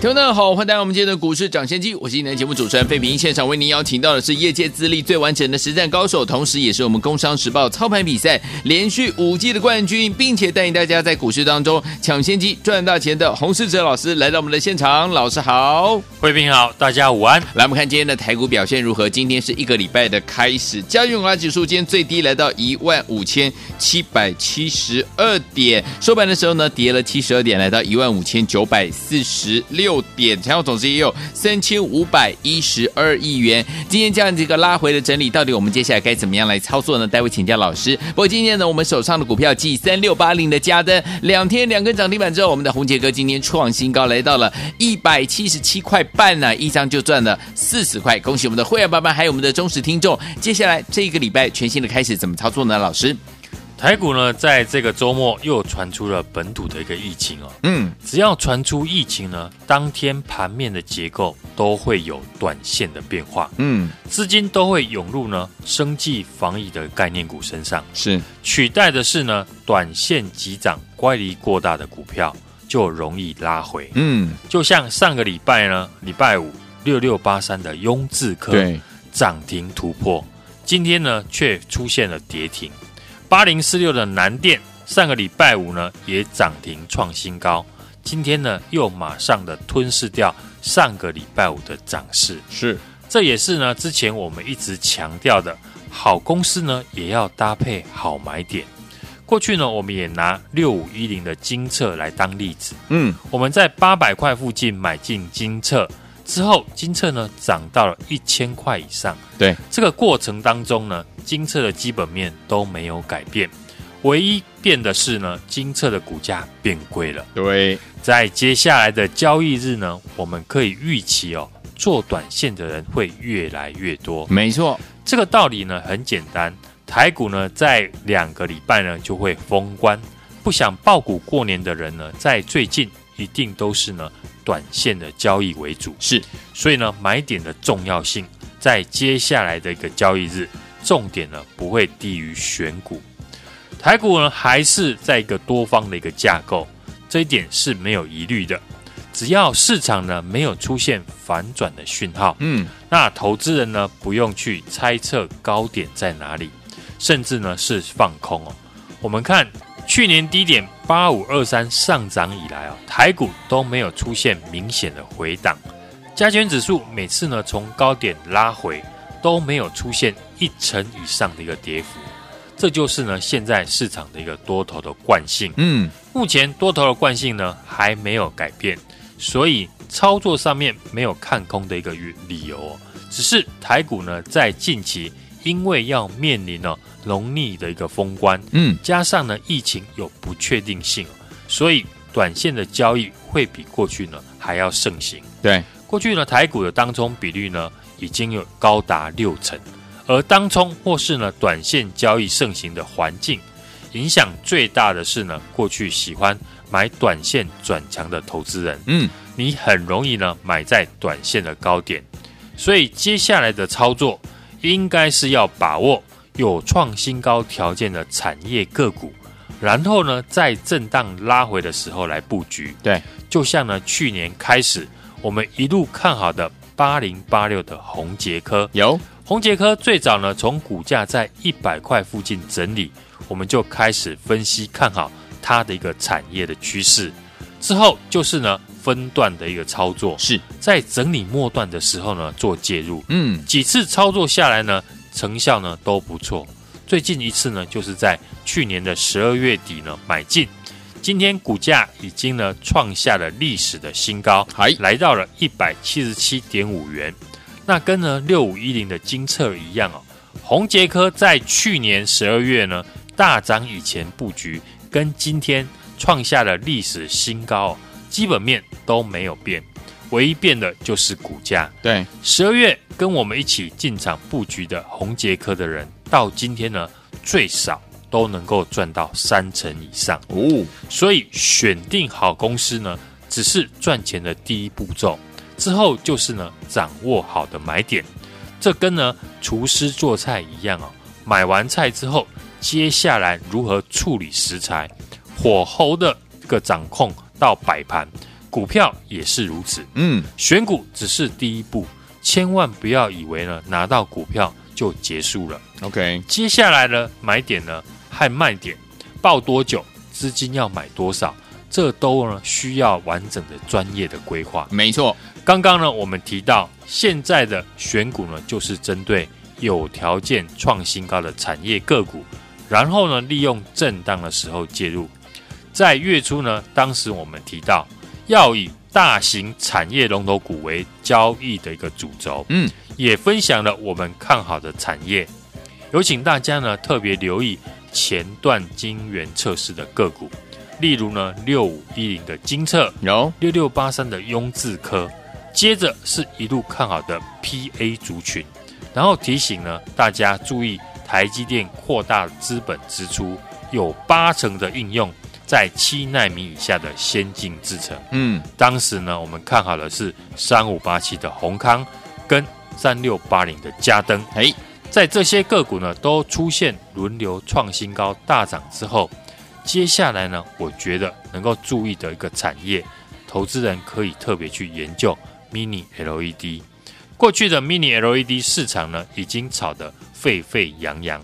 聽眾朋友好，歡迎來到我們今天的股市漲先機，我是今天的節目主持人費平。現場為您邀請到的是業界資歷最完整的實戰高手，同時也是我們《工商時報》操盤比賽連續五季的冠軍，並且帶領大家在股市當中搶先機賺大錢的洪士哲老師來到我們的現場。老師好，費平好，大家午安。來，我們看今天的台股表現如何？今天是一個禮拜的開始，加權指數今天最低來到一萬五千七百七十二點，收盤的時候呢跌了七十二點，來到一萬五千九百四十六。六點，然總值也有三千五百一十二億元。今天這樣子一個拉回的整理，到底我們接下來該怎麼樣來操作呢？待會請教老師。不過今天呢，我們手上的股票繼三六八零的家登兩天兩根漲停板之後，我們的紅杰哥今天創新高來到了、啊、一百七十七塊半呢，一張就賺了四十塊，恭喜我們的會員爸爸還有我們的忠實聽眾。接下來這個禮拜全新的開始，怎麼操作呢？老師？台股呢，在這個周末又傳出了本土的一個疫情哦。嗯，只要傳出疫情呢，當天盤面的結構都會有短線的變化。嗯，資金都會湧入呢，生技防疫的概念股身上，是取代的是呢，短線急漲乖離過大的股票就容易拉回。嗯，就像上個禮拜呢，禮拜五六六八三的雍智科對漲停突破，今天呢卻出現了跌停。八零四六的南電上個禮拜五呢也漲停創新高，今天呢又馬上的吞噬掉上個禮拜五的漲勢，是，這也是呢之前我們一直強調的好公司呢也要搭配好買點。過去呢我們也拿六五一零的精測，來當例子，嗯，我們在八百塊附近買進精測之後金，金策呢漲到了一千塊以上。對，這個過程當中呢，金策的基本面都沒有改變，唯一變的是呢，金策的股價變貴了。對，在接下來的交易日呢，我們可以預期哦，做短線的人會越來越多。沒錯，這個道理呢很簡單，台股呢在兩個禮拜呢就會封關，不想抱股過年的人呢，在最近一定都是呢。短線的交易為主，是，所以呢，買點的重要性在接下來的一個交易日，重點呢不會低於選股。台股呢還是在一個多方的一個架構，這一點是沒有疑慮的。只要市場呢沒有出現反轉的訊號，嗯，那投資人呢不用去猜測高點在哪裡，甚至呢是放空哦。我們看去年低點。八五二三上漲以來啊，台股都沒有出現明顯的回檔，加權指數每次呢從高點拉回都沒有出現一成以上的一個跌幅，這就是呢現在市場的一個多頭的慣性。嗯，目前多頭的慣性呢還沒有改變，所以操作上面沒有看空的一個理由，只是台股呢在近期。因為要面臨呢農曆的一個封關，嗯，加上呢疫情有不確定性，所以短線的交易會比過去呢還要盛行。對，過去呢台股的當沖比率呢已經有高達六成，而當沖或是呢短線交易盛行的環境，影響最大的是呢過去喜歡買短線轉強的投資人。嗯，你很容易呢買在短線的高點，所以接下來的操作。應該是要把握有創新高條件的產業個股，然後呢，在震盪拉回的時候來布局。對，就像呢，去年開始我們一路看好的八零八六的宏捷科，有宏捷科最早呢，從股價在一百塊附近整理，我們就開始分析看好它的一個產業的趨勢，之後就是呢。分段的一個操作是，在整理末段的時候呢，做介入。嗯，幾次操作下來呢，成效呢都不錯。最近一次呢，就是在去年的十二月底呢買進，今天股價已經呢創下了歷史的新高，還 Hi 來到了一百七十七點五元。那跟呢六五一零的精測一樣哦，宏捷科在去年十二月呢大漲以前布局，跟今天創下了歷史新高哦。基本面都沒有變，唯一變的就是股價。對，十二月跟我們一起進場布局的宏捷科的人，到今天呢，最少都能夠賺到三成以上哦。所以選定好公司呢，只是賺錢的第一步驟，之後就是呢，掌握好的買點。這跟呢廚師做菜一樣哦，買完菜之後，接下來如何處理食材、火候的一個掌控。到擺盤，股票也是如此。嗯，選股只是第一步，千萬不要以為呢拿到股票就結束了。OK，接下來呢買點呢和賣點，報多久，資金要買多少，這都呢需要完整的專業的規劃。沒錯，剛剛呢我們提到現在的選股呢就是針對有條件創新高的產業個股，然後呢利用震盪的時候介入。在月初呢，當時我們提到要以大型產業龍頭股為交易的一個主軸，嗯，也分享了我們看好的產業，有請大家呢特別留意前段晶圓測試的個股，例如呢六五一零的金測，六六八三的雍智科，接着是一路看好的 PA 族群，然後提醒呢大家注意台積電擴大資本支出，有八成的應用。在七奈米以下的先進製程，嗯，當時呢，我們看好的是三五八七的宏康跟三六八零的嘉登。誒，在這些個股呢都出現輪流創新高大漲之後，接下來呢，我覺得能夠注意的一個產業，投資人可以特別去研究 Mini LED。過去的 Mini LED 市場呢，已經炒得沸沸揚揚。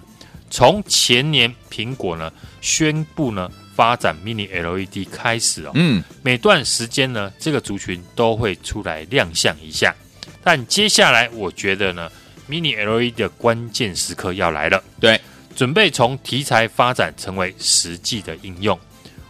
從前年蘋果呢宣布呢。發展 mini LED 開始哦，嗯，每段時間呢，這個族群都會出來亮相一下，但接下來我覺得呢，mini LED 的關鍵時刻要來了，對，準備從題材發展成為實際的應用。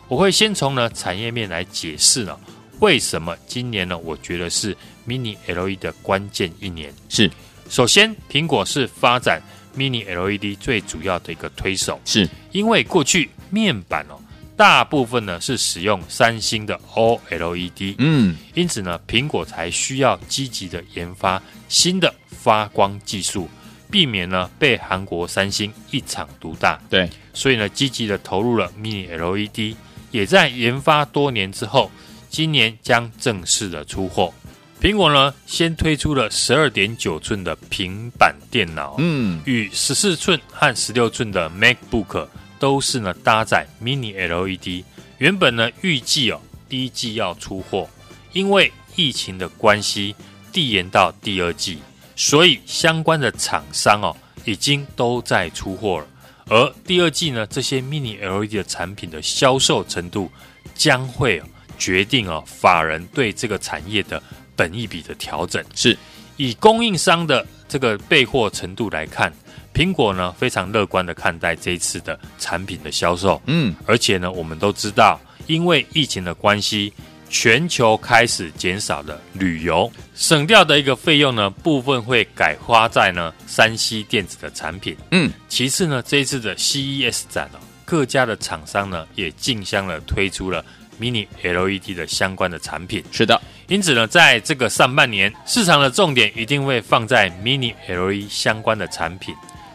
我會先從呢產業面來解釋呢，為什麼今年呢，我覺得是 mini LED 的關鍵一年。是，首先蘋果是發展 mini LED 最主要的一個推手，是因為過去面板哦、喔。大部分呢是使用三星的 OLED，嗯，因此呢，蘋果才需要積極的研發新的發光技術，避免呢被韓國三星一家獨大。對，所以呢，積極的投入了 Mini LED，也在研發多年之後，今年將正式的出貨。蘋果呢，先推出了十二點九寸的平板電腦，嗯，與十四寸和十六寸的 MacBook。都是呢，搭載 Mini LED。原本呢，預計哦，第一季要出貨，因為疫情的關係，遞延到第二季。所以相關的廠商哦，已經都在出貨了。而第二季呢，這些 Mini LED 的產品的銷售程度，將會決定哦，法人對這個產業的本益比的調整。是以供應商的這個備貨程度來看。蘋果呢，非常樂觀的看待這一次的產品的銷售，嗯，而且呢，我們都知道，因為疫情的關係，全球開始減少了旅遊，省掉的一個費用呢，部分會改花在呢三 C 電子的產品，嗯，其次呢，這一次的 CES 展，哦，各家的廠商呢也競相了推出了 Mini LED 的相關的產品，是的到，因此呢，在這個上半年市場的重點一定會放在 Mini LED 相關的產品。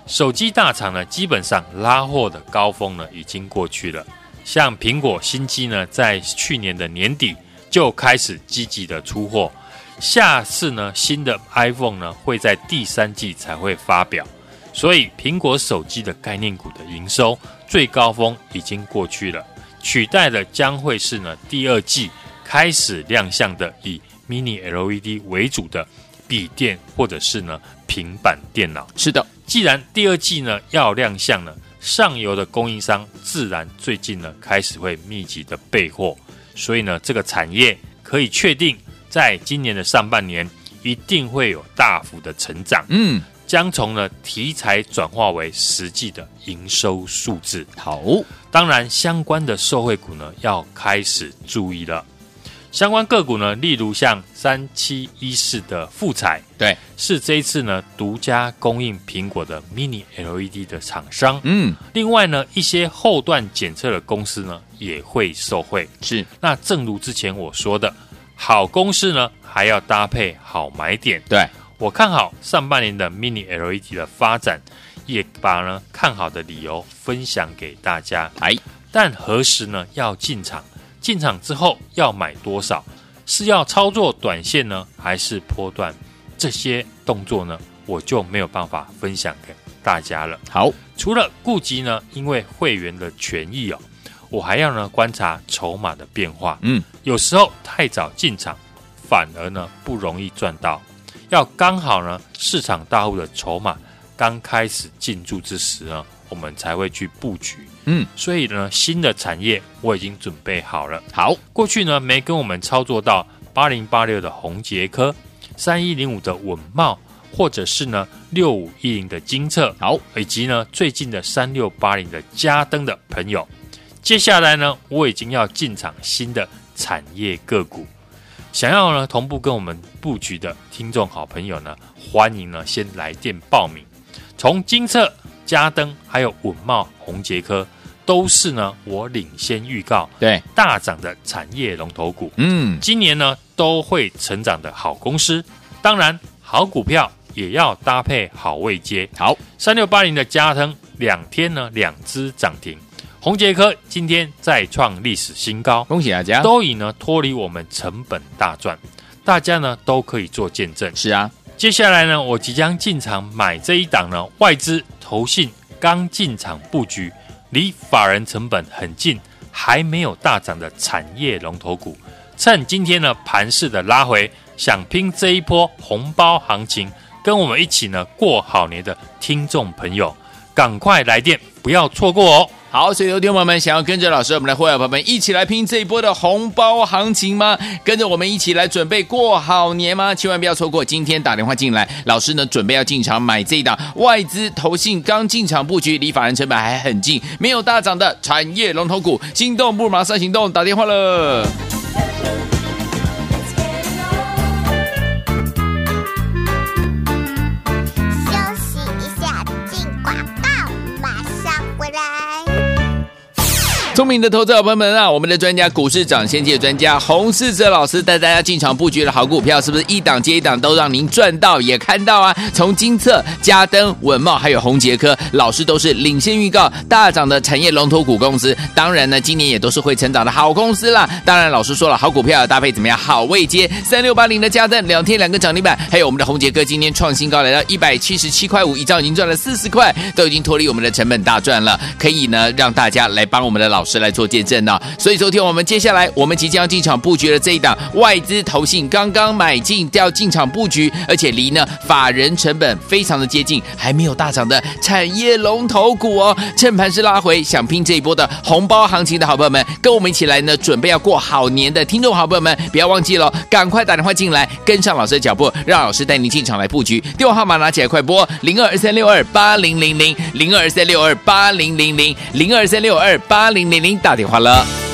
手機大廠呢，基本上拉貨的高峰呢已經過去了。像蘋果新機呢，在去年的年底就開始積極的出貨，下次呢新的 iPhone 呢會在第三季才會發表，所以蘋果手機的概念股的營收最高峰已經過去了，取代的將會是呢第二季開始亮相的以 mini LED 為主的筆電或者是呢平板電腦。是的。既然第二季呢要亮相了，上游的供應商自然最近呢開始會密集的備貨，所以呢這個產業可以確定，在今年的上半年一定會有大幅的成長，嗯，將從呢題材轉化為實際的營收數字。好哦，當然相關的受惠股呢要開始注意了。相關個股呢，例如像三七一四的富采，對，是這一次呢獨家供應蘋果的 mini LED 的廠商。嗯，另外呢一些後段檢測的公司呢也會受惠。是，那正如之前我說的，好公司呢還要搭配好買點。對，我看好上半年的 mini LED 的發展，也把呢看好的理由分享給大家。哎唉，但何時呢要進場？進場之後要買多少？是要操作短線呢，還是波段？這些動作呢，我就沒有辦法分享給大家了。好，除了顧及呢，因為會員的權益哦，我還要呢觀察籌碼的變化。嗯，有時候太早進場，反而呢不容易賺到。要剛好呢，市場大戶的籌碼剛開始進駐之時呢，我們才會去布局。嗯，所以呢，新的產業我已經準備好了。好，過去呢沒跟我們操作到八零八六的宏捷科、三一零五的穩懋，或者是呢六五一零的晶碩，好，以及呢最近的三六八零的家登的朋友。接下來呢，我已經要進場新的產業個股，想要呢同步跟我們布局的聽眾好朋友呢，歡迎呢先來電報名。從晶碩、家登，還有穩懋、宏捷科。都是呢，我領先預告，對大漲的產業龍頭股，嗯，今年呢都會成長的好公司，當然好股票也要搭配好位階。好，三六八零的家登兩天呢，兩支漲停，宏捷科今天再創歷史新高，恭喜大家，都已呢脫離我們成本大賺，大家呢都可以做見證。是啊，接下來呢，我即將進場買這一檔呢外資投信剛進場佈局。離法人成本很近，還沒有大漲的產業龍頭股，趁今天呢盤勢的拉回，想拼這一波紅包行情，跟我們一起呢過好年的聽眾朋友，趕快來電。不要錯過哦！好，所以有聽友們想要跟着老師，我們的會員朋友們一起來拼這一波的紅包行情嗎？跟着我們一起來準備過好年嗎？千萬不要錯過！今天打電話進來，老師呢準備要進場買這一檔外資投信剛進場佈局，離法人成本還很近，沒有大漲的產業龍頭股，心動不如馬上行動，打電話了。名的投資好朋友們啊，我們的專家股市漲先機專家洪士哲老師帶大家進場布局的好股票，是不是一檔接一檔都讓您賺到也看到啊？從金策、家登、穩懋，還有宏捷科老師都是領先預告大漲的產業龍頭股公司。當然呢，今年也都是會成長的好公司啦。當然，老師說了，好股票要搭配怎麼樣好位階？三六八零的家登兩天兩個漲停板，還有我們的宏捷科今天創新高來到 5, 一百七十七塊五，一張已經賺了四十塊，都已經脫離我們的成本大賺了，可以呢讓大家來幫我們的老師。來做見證呢、哦，所以昨天我們接下來我們即將要進場布局的這一檔，外資投信剛剛買進，要進場布局，而且離呢法人成本非常的接近，還沒有大漲的產業龍頭股哦。趁盤是拉回，想拼這一波的紅包行情的好朋友們，跟我們一起來呢，準備要過好年的聽眾好朋友們，不要忘記了，趕快打電話進來，跟上老師的腳步，讓老師帶您進場來布局。電話號碼拿起來，快撥零二三六二八零零零，零二三六二八零零零，零二三六二八零零零。您打電話了。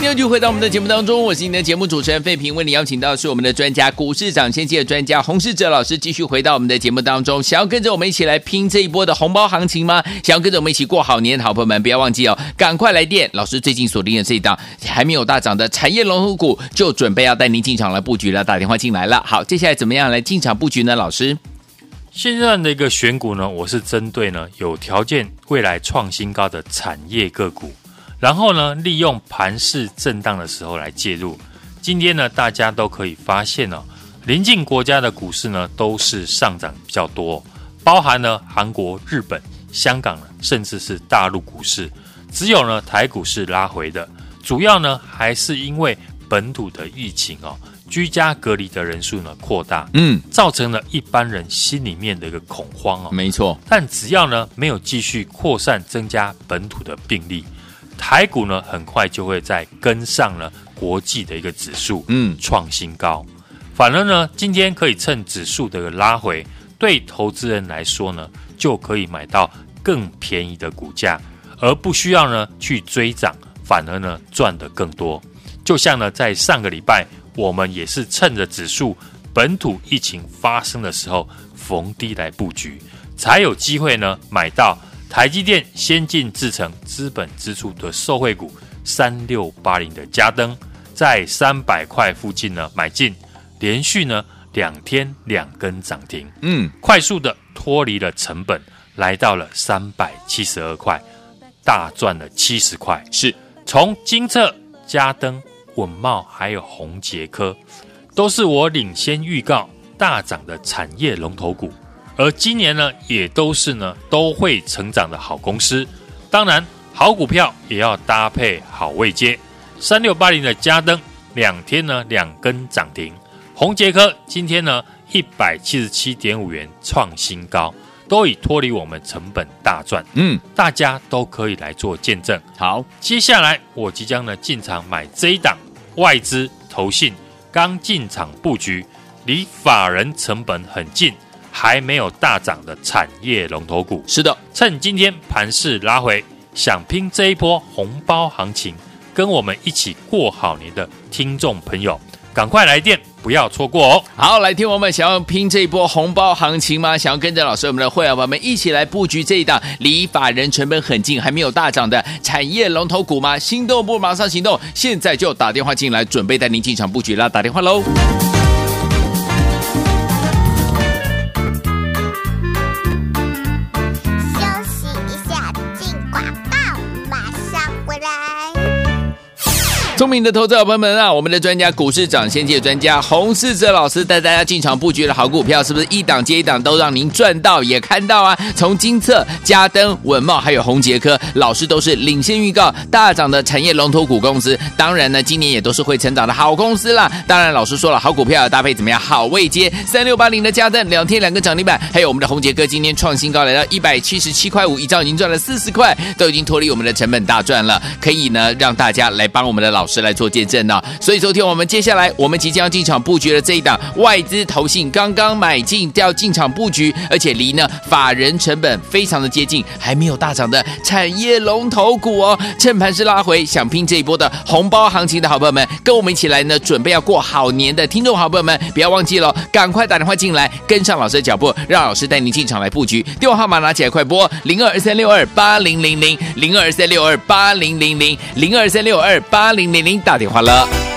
第二句回到我們的節目當中，我是你的節目主持人費平。為你邀請到的是我們的專家，股市漲先機的專家洪士哲老師。繼續回到我們的節目當中，想要跟着我們一起來拼這一波的紅包行情嗎？想要跟着我們一起過好年的好朋友們，不要忘記哦，趕快來電！老師最近鎖定的這一檔還沒有大漲的產業龍頭股，就準備要帶您進場來佈局了。打電話進來了，好，接下來怎麼樣來進場佈局呢？老師，現在的一個選股呢，我是針對呢有條件未來創新高的產業個股。然後呢，利用盤勢震盪的時候來介入。今天呢，大家都可以發現哦，鄰近國家的股市呢都是上漲比較多哦，包含了韓國、日本、香港呢，甚至是大陸股市，只有呢台股市拉回的。主要呢還是因為本土的疫情哦，居家隔離的人數呢擴大，嗯，造成了一般人心裡面的一個恐慌哦。沒錯，但只要呢沒有繼續擴散增加本土的病例，台股呢，很快就會再跟上了國際的一個指數，嗯，創新高。反而呢，今天可以趁指數的拉回，對投資人來說呢，就可以買到更便宜的股價，而不需要呢去追漲，反而呢賺得更多。就像呢，在上個禮拜，我們也是趁着指數本土疫情發生的時候逢低來布局，才有機會呢買到。台積電先進製程資本支出的受惠股三六八零，的家登，在三百塊附近呢買進，連續呢兩天兩根漲停，嗯，快速的脫離了成本，來到了三百七十二塊，大賺了七十塊。是從精測、家登、穩懋還有宏捷科，都是我領先預告大漲的產業龍頭股。而今年呢，也都是呢都會成長的好公司。當然，好股票也要搭配好位階。三六八零的家登，兩天呢兩根漲停。宏捷科今天呢一百七十七點五元創新高，都已脫離我們成本大賺。嗯，大家都可以來做見證。好，接下來我即將呢進場買這一檔外資投信，剛進場布局，離法人成本很近。還沒有大漲的產業龍頭股，是的，趁今天盤勢拉回，想拼這一波紅包行情，跟我們一起過好年的聽眾朋友，趕快來電，不要錯過哦！好，來聽我們想要拼這一波紅包行情嗎？想要跟着老師我們的會員們一起來布局這一檔離法人成本很近，還沒有大漲的產業龍頭股嗎？心動不馬上行動，現在就打電話進來，準備帶您進場布局啦！打電話嘍。聰明的投資朋友們啊，我們的專家股市漲先機專家洪士哲老師帶大家進場佈局的好股票，是不是一檔接一檔都讓您賺到也看到啊？從金策、家登、穩懋，還有宏捷科老師都是領先預告大漲的產業龍頭股公司。當然呢，今年也都是會成長的好公司啦。當然，老師說了，好股票搭配怎麼樣？好位階，三六八零的家登兩天兩個漲停板，還有我們的宏捷科今天創新高來到塊 5, 一百七十七塊五，一張已經賺了四十塊，都已經脫離我們的成本大賺了，可以呢讓大家來幫我們的老。是來做見證的哦，所以昨天我們，接下來我們即將進場布局的這一檔，外資投信剛剛買進要進場布局，而且離呢法人成本非常的接近，還沒有大漲的產業龍頭股哦。趁盤是拉回，想拼這一波的紅包行情的好朋友們，跟我們一起來呢，準備要過好年的聽眾好朋友們，不要忘記嘍，趕快打電話進來，跟上老師的腳步，讓老師帶您進場來布局。電話號碼拿起來，快撥零二三六二八零零零零二三六二八零零零零二三六二八零零。給您打電話了。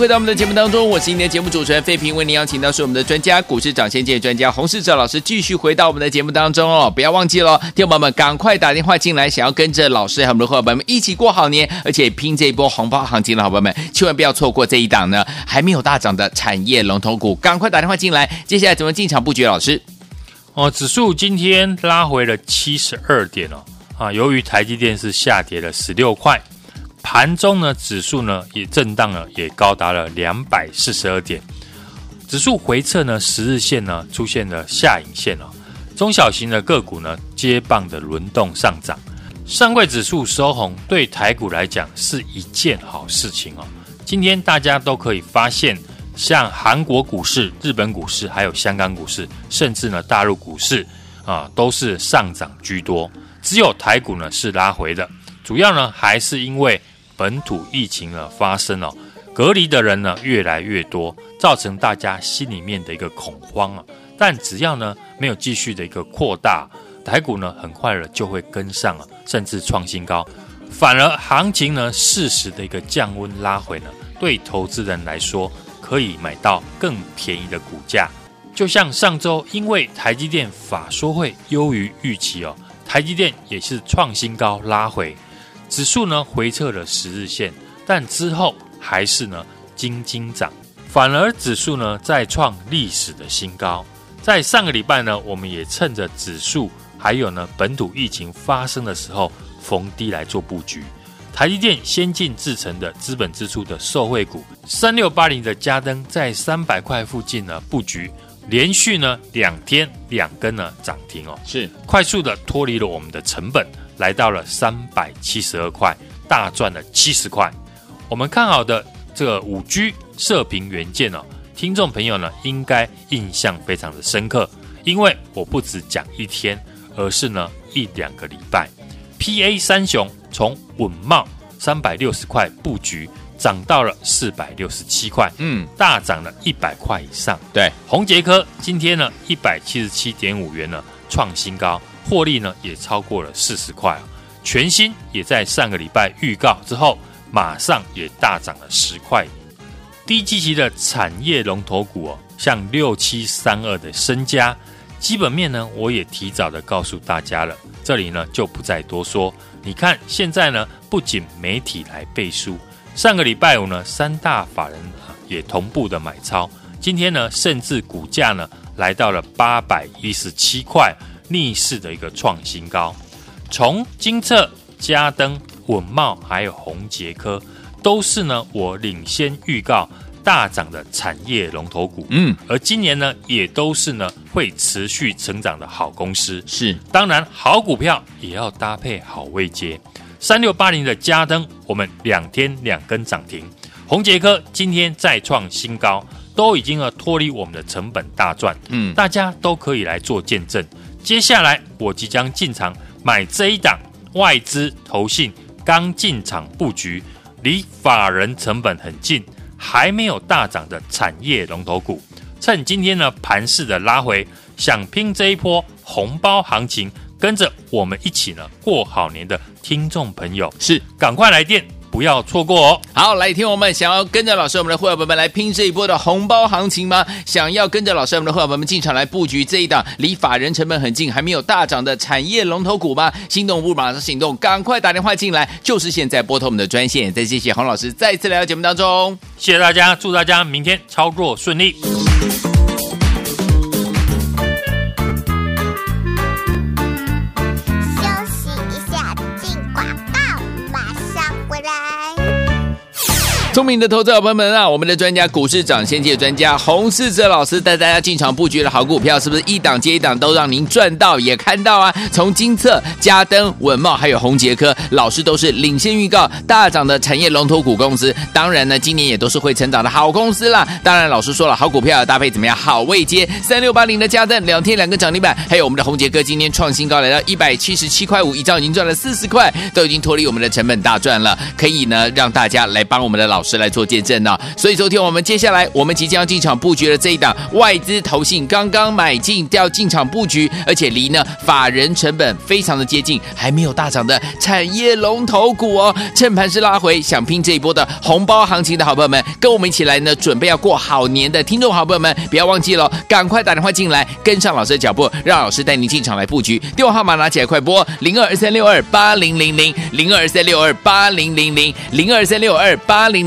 回到我們的節目當中，我是今天的節目主持人費平，為您邀請到是我們的專家、股市漲先機專家洪士哲老師，繼續回到我們的節目當中哦，不要忘記了，聽眾朋友們趕快打電話進來，想要跟着老師和我們的夥伴們一起過好年，而且拼這一波紅包行情的好朋友們，千萬不要錯過這一檔呢，還沒有大漲的產業龍頭股，趕快打電話進來。接下來怎麼進場布局？老師，哦，指數今天拉回了七十二點哦，啊，由於台積電是下跌了十六塊。盤中呢，指數呢也震盪也高達了兩百四十二點。指數回測呢，十日線呢出現了下影線。中小型的個股呢接棒的輪動上漲，上櫃指數收紅，對台股來講是一件好事情哦。今天大家都可以發現，像韓國股市、日本股市、還有香港股市，甚至呢大陸股市啊，都是上漲居多，只有台股呢是拉回的。主要呢還是因為。本土疫情呢發生了，隔離的人呢越來越多，造成大家心裡面的一個恐慌啊。但只要呢沒有繼續的一個擴大，台股呢很快呢就會跟上啊，甚至創新高。反而行情呢適時的一個降溫拉回呢，對投資人來說可以買到更便宜的股價。就像上周，因為台積電法說會優於預期哦，台積電也是創新高拉回。指數呢回撤了十日線，但之後還是呢，津津漲，反而指數呢再創歷史的新高。在上個禮拜呢，我們也趁着指數還有呢本土疫情發生的時候，逢低來做布局。台積電先進製程的資本支出的受惠股三六八零的家登，在三百塊附近呢布局，連續呢兩天兩根呢漲停哦，是快速的脫離了我們的成本。來到了三百七十二塊，大賺了七十塊。我們看好的這個五 G 射頻元件哦，聽眾朋友呢應該印象非常的深刻，因為我不只講一天，而是呢一兩個禮拜。PA 三雄從穩懋三百六十塊布局，漲到了四百六十七塊，嗯，大漲了一百塊以上。對，宏捷科今天呢一百七十七點五元呢創新高。獲利呢也超過了四十塊，啊、全新也在上個禮拜預告之後，馬上也大漲了十塊。低基期的產業龍頭股哦，啊，像六七三二的昇佳，基本面呢我也提早的告訴大家了，這裡呢就不再多說。你看現在呢，不僅媒體來背書，上個禮拜五呢，三大法人也同步的買超，今天呢，甚至股價呢來到了八百一十七塊。逆勢的一個創新高，從精測、家登、穩懋，還有宏捷科，都是呢我領先預告大漲的產業龍頭股。嗯，而今年呢也都是呢會持續成長的好公司。是，當然好股票也要搭配好位階。三六八零的家登，我們兩天兩根漲停；宏捷科今天再創新高，都已經呃脫離我們的成本大賺。嗯，大家都可以來做見證。接下來我即將進場買這一檔外資投信剛進場布局，離法人成本很近，還沒有大漲的產業龍頭股。趁今天呢盤勢的拉回，想拼這一波紅包行情，跟着我們一起呢過好年的聽眾朋友，是趕快來電，不要錯過哦！好，來聽我們想要跟着老師，着老師我們的會員朋友們來拼這一波的紅包行情嗎？想要跟着老師我們的會員朋友們進場來布局這一檔離法人成本很近，還沒有大漲的產業龍頭股嗎？心動不如馬上行動，趕快打電話進來，就是現在撥通我們的專線。再謝謝洪老師，再次來到節目當中，謝謝大家，祝大家明天操作順利。聰明的投資朋友們啊，我們的專家股市漲先機專家洪士哲老師帶大家進場布局的好股票，是不是一檔接一檔都讓您賺到也看到啊？從金策、家登、穩懋，還有宏捷科老師都是領先預告大漲的產業龍頭股公司。當然呢，今年也都是會成長的好公司啦。當然，老師說了，好股票搭配怎麼樣？好位階，三六八零的家登兩天兩個漲停板，還有我們的宏捷科今天創新高來到 5, 一百七十七塊五，一張已經賺了四十塊，都已經脫離我們的成本大賺了，可以呢讓大家來幫我們的老師。是來做見證的啊。所以昨天我們接下來我們即將進場布局的這一檔外資投信剛剛買進要進場布局，而且離呢法人成本非常的接近，還沒有大漲的產業龍頭股哦，趁盤是拉回，想拼這一波的紅包行情的好朋友們，跟我們一起來呢準備要過好年的聽眾好朋友們，不要忘記了，趕快打電話進來跟上老師的腳步，讓老師帶您進場來布局，電話號碼拿起來快撥零二三六二八零零零零二三六二八零零零零二三六二八零。